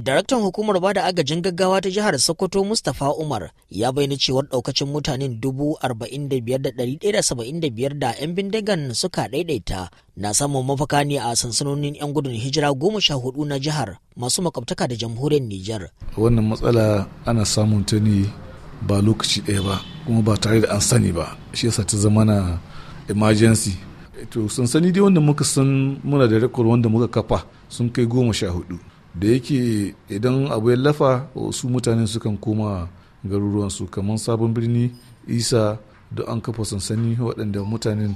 Daraktan hukumar ba da agajin gaggawa ta jihar Sokoto Mustapha Umar ya bayyana cewar daukacin mutanen 45,175 da 'yan bindigan suka daidaita na samun mafaka ne a sansanonin 'yan gudun hijira goma sha hudu na jihar masu makwabtaka da jamhuriyar Nijar. Wannan matsala ana samun ta ne ba lokaci ɗaya ba kuma ba tare da an sani ba shi yasa ta zama na emergency to sansani dai wanda muka san muna da rekord wanda muka kafa sun kai goma sha hudu da yake idan abu ya lafa su mutane sukan koma garuruwansu kamar sabon birni isa da an kafa sansani waɗanda mutanen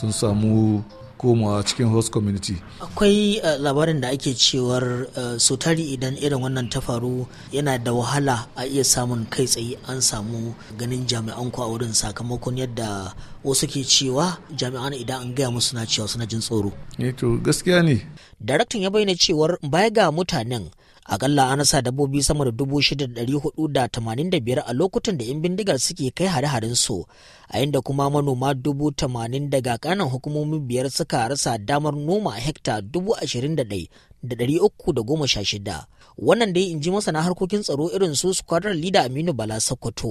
sun samu komawa cikin host community akwai eh, labarin da ake cewar eh, so tari idan irin wannan ta faru yana da wahala a iya samun kai tsaye an samu ganin jami'an ku a wurin sakamakon yadda wasu ke cewa jami'an idan an gaya musu na cewa suna jin tsoro eh, to gaskiya ne daraktan ya bayyana cewar baya ga mutanen akalla an sa dabbobi sama da dubu shida da da da hudu tamanin biyar a lokutan da 'yan bindigar suke kai hare-haren su a inda kuma manoma dubu tamanin daga kanan hukumomi biyar suka rasa damar noma a hekta dubu ashirin da da da uku goma sha shida. wannan dai in ji masana harkokin tsaro irin su squadron leader aminu bala sokoto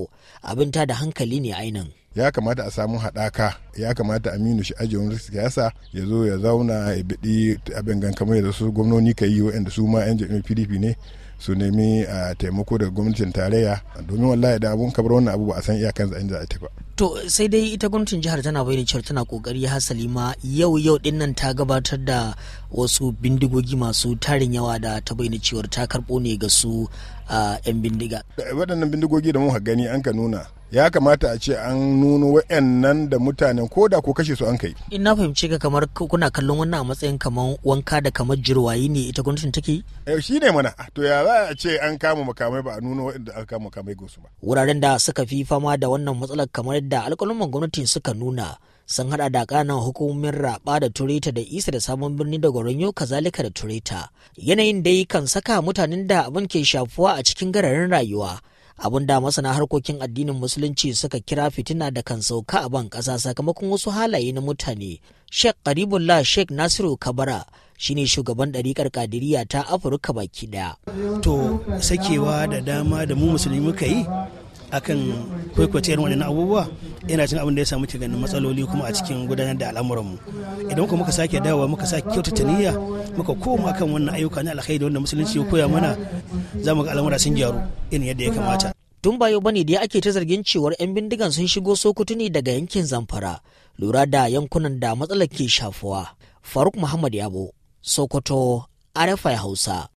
abin ta da hankali ne ainihin ya kamata a samu haɗaka ya kamata aminu shi ajiyar wani siyasa ya zo ya zauna ya biɗi abin gan kamar da su gwamnoni ka yi waɗanda su ma 'yan jam'iyyar pdp ne su nemi a taimako daga gwamnatin tarayya domin wallahi da abun kabar wannan abu ba a san iyakan za a ta ba. to sai dai ita gwamnatin jihar tana bayyana cewa tana kokari hasali ma yau yau din nan ta gabatar da wasu bindigogi masu tarin yawa da ta bayyana cewar ta karɓo ne ga su yan bindiga. waɗannan bindigogi da muka gani an ka nuna ya kamata a ce an nuno wa'annan da mutanen ko da ko kashe su an kai in na fahimci ka kamar kuna kallon wannan a matsayin kamar wanka da kamar jirwayi ne ita gwamnatin take eh shi ne mana to ya za a ce an kama makamai ba a nuno wa'anda aka kama makamai gosu ba wuraren da suka fi fama da wannan matsalar kamar yadda alƙaluman gwamnati suka nuna sun hada da kanan hukumomin raba da tureta da isa da sabon birni da goronyo kazalika da tureta yanayin dai kan saka mutanen da abin ke shafuwa a cikin gararin rayuwa abin da masana harkokin addinin musulunci suka kira fitina da kan sauka a ban ƙasa sakamakon wasu halaye na mutane sheikh karibullah sheikh nasiru kabara shine shugaban ɗariƙar kadiriya ta afirka baki ɗaya to sakewa da dama da mu musulmi muka yi akan kwaikwace irin abubuwa yana cin abin da ya samu ke ganin matsaloli kuma a cikin gudanar da al'amuranmu idan kuma muka sake dawowa muka sake kyautata niyya muka koma akan wannan ayyuka na alkhairi wanda musulunci ya koya mana za mu ga al'amura sun gyaru irin yadda ya kamata tun bayo bane da ake ta zargin cewar 'yan bindigan sun shigo sokoto ne daga yankin zamfara lura da yankunan da matsalar ke shafuwa faruk muhammad yabo sokoto arafai hausa